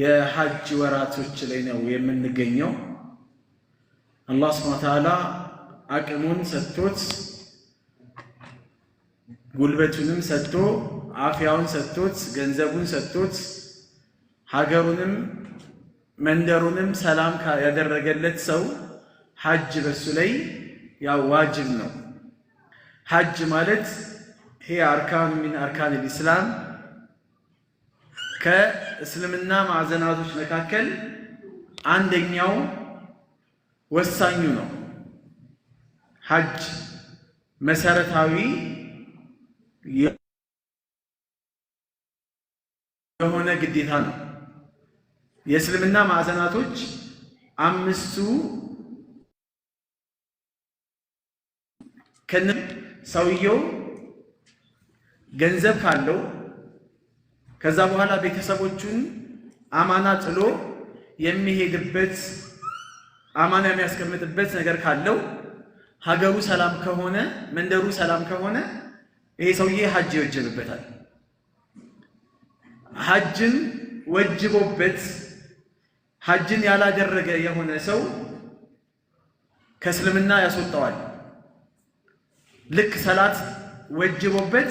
የሐጅ ወራቶች ላይ ነው የምንገኘው። አላህ ስብሐ ወተዓላ አቅሙን ሰጥቶት ጉልበቱንም ሰጥቶ አፍያውን ሰጥቶት ገንዘቡን ሰጥቶት ሀገሩንም መንደሩንም ሰላም ያደረገለት ሰው ሐጅ በሱ ላይ ያው ዋጅብ ነው። ሐጅ ማለት ይሄ አርካን ሚን አርካን ልኢስላም ከእስልምና ማዕዘናቶች መካከል አንደኛው ወሳኙ ነው። ሐጅ መሰረታዊ የሆነ ግዴታ ነው። የእስልምና ማዕዘናቶች አምስቱ ከነ ሰውየው ገንዘብ ካለው ከዛ በኋላ ቤተሰቦቹን አማና ጥሎ የሚሄድበት አማና የሚያስቀምጥበት ነገር ካለው ሀገሩ ሰላም ከሆነ መንደሩ ሰላም ከሆነ ይሄ ሰውዬ ሀጅ ይወጀብበታል። ሀጅን ወጅቦበት ሀጅን ያላደረገ የሆነ ሰው ከእስልምና ያስወጣዋል። ልክ ሰላት ወጅቦበት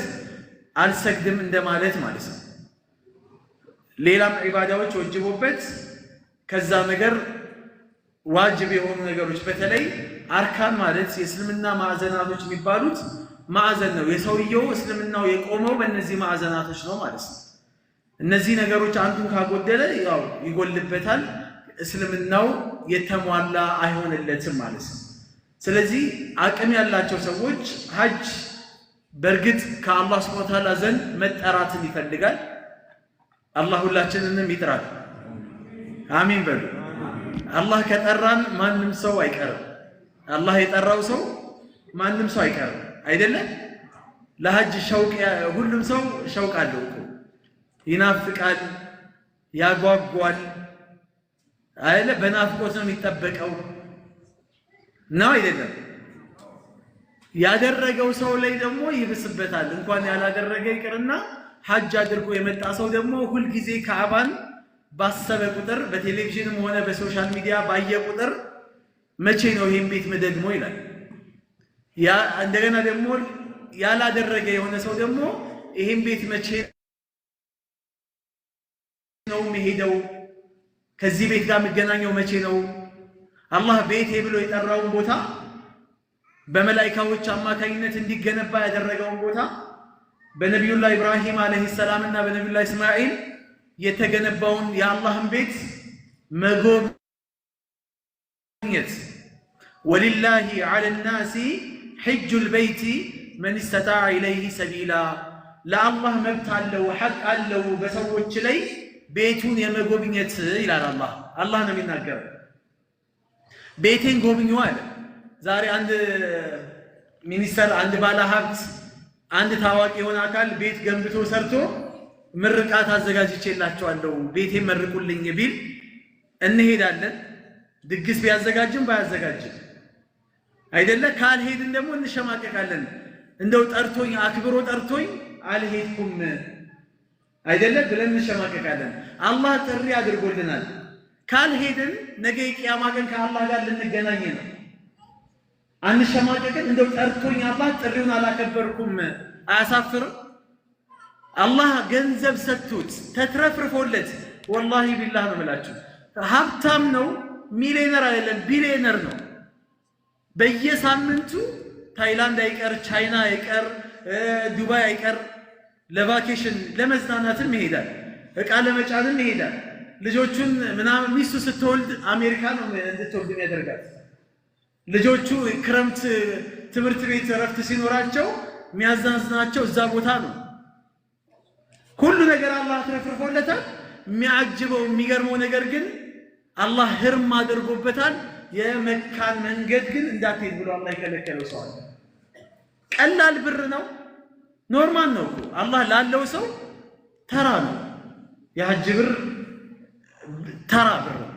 አልሰግድም እንደማለት ማለት ነው። ሌላም ዒባዳዎች ወጅቦበት ከዛ ነገር ዋጅብ የሆኑ ነገሮች በተለይ አርካን ማለት የእስልምና ማዕዘናቶች የሚባሉት ማዕዘን ነው። የሰውየው እስልምናው የቆመው በእነዚህ ማዕዘናቶች ነው ማለት ነው። እነዚህ ነገሮች አንዱን ካጎደለ ያው ይጎልበታል፣ እስልምናው የተሟላ አይሆንለትም ማለት ነው። ስለዚህ አቅም ያላቸው ሰዎች ሀጅ በእርግጥ ከአላህ ስብሐ ወተዓላ ዘንድ መጠራትን ይፈልጋል። አላህ ሁላችንንም ይጥራል። አሚን በሉ። አላህ ከጠራን ማንም ሰው አይቀርም። አላህ የጠራው ሰው ማንም ሰው አይቀርም አይደለም። ለሀጅ ሸውቅ ሁሉም ሰው ሸውቅ አለው እኮ ይናፍቃል፣ ያጓጓል አይደለ? በናፍቆት ነው የሚጠበቀው ነው አይደለም? ያደረገው ሰው ላይ ደግሞ ይብስበታል። እንኳን ያላደረገ ይቅርና ሀጅ አድርጎ የመጣ ሰው ደግሞ ሁልጊዜ ካዕባን ባሰበ ቁጥር በቴሌቪዥንም ሆነ በሶሻል ሚዲያ ባየ ቁጥር መቼ ነው ይህም ቤት መደግሞ ይላል። እንደገና ደግሞ ያላደረገ የሆነ ሰው ደግሞ ይህም ቤት መቼ ነው የሚሄደው? ከዚህ ቤት ጋር የሚገናኘው መቼ ነው? አላህ ቤቴ ብሎ የጠራውን ቦታ በመላይካዎች አማካኝነት እንዲገነባ ያደረገውን ቦታ በነቢዩላ ኢብራሂም ዓለይሂ ሰላም እና በነቢዩላ እስማኤል የተገነባውን የአላህን ቤት መጎብኘት ወሊላሂ አለናሲ ሕጁል በይቲ መን ስተጣዐ ኢለይህ ሰቢላ ለአላህ መብት አለው ሐቅ አለው በሰዎች ላይ ቤቱን የመጎብኘት ይላል አላህ። አላህ ነው የሚናገረው። ቤቴን ጎብኙ አለ። ዛሬ አንድ ሚኒስተር አንድ ባለ ሀብት አንድ ታዋቂ የሆነ አካል ቤት ገንብቶ ሰርቶ ምርቃት አዘጋጅቼላቸዋለሁ ቤቴ መርቁልኝ ቢል እንሄዳለን። ድግስ ቢያዘጋጅም ባያዘጋጅም አይደለ። ካልሄድን ደግሞ እንሸማቀቃለን። እንደው ጠርቶኝ አክብሮ ጠርቶኝ አልሄድኩም አይደለ ብለን እንሸማቀቃለን። አላህ ጥሪ አድርጎልናል። ካልሄድን ነገ የቅያማ ቀን ከአላህ ጋር ልንገናኝ ነው። አንሸማቀቅን። እንደው ጠርቶኝ አባት ጥሪውን አላከበርኩም አያሳፍርም? አላህ ገንዘብ ሰጥቶት ተትረፍርፎለት፣ ወላሂ ቢላህ ነው የምላችሁ። ሀብታም ነው ሚሊዮነር አይደለም ቢሊዮነር ነው። በየሳምንቱ ታይላንድ አይቀር፣ ቻይና አይቀር፣ ዱባይ አይቀር ለቫኬሽን ለመዝናናትም ይሄዳል። እቃ ለመጫንም ይሄዳል። ልጆቹን ምናምን ሚስቱ ስትወልድ አሜሪካ ነው እንድትወልድ የሚያደርጋት። ልጆቹ ክረምት ትምህርት ቤት እረፍት ሲኖራቸው የሚያዛዝናቸው እዛ ቦታ ነው። ሁሉ ነገር አላህ ትረፍርፎለታል። የሚያጅበው የሚገርመው ነገር ግን አላህ ህርም አድርጎበታል። የመካን መንገድ ግን እንዳትሄድ ብሎ አላህ የከለከለው ሰው አለ። ቀላል ብር ነው፣ ኖርማል ነው። አላህ ላለው ሰው ተራ ነው። የሀጅ ብር ተራ ብር ነው።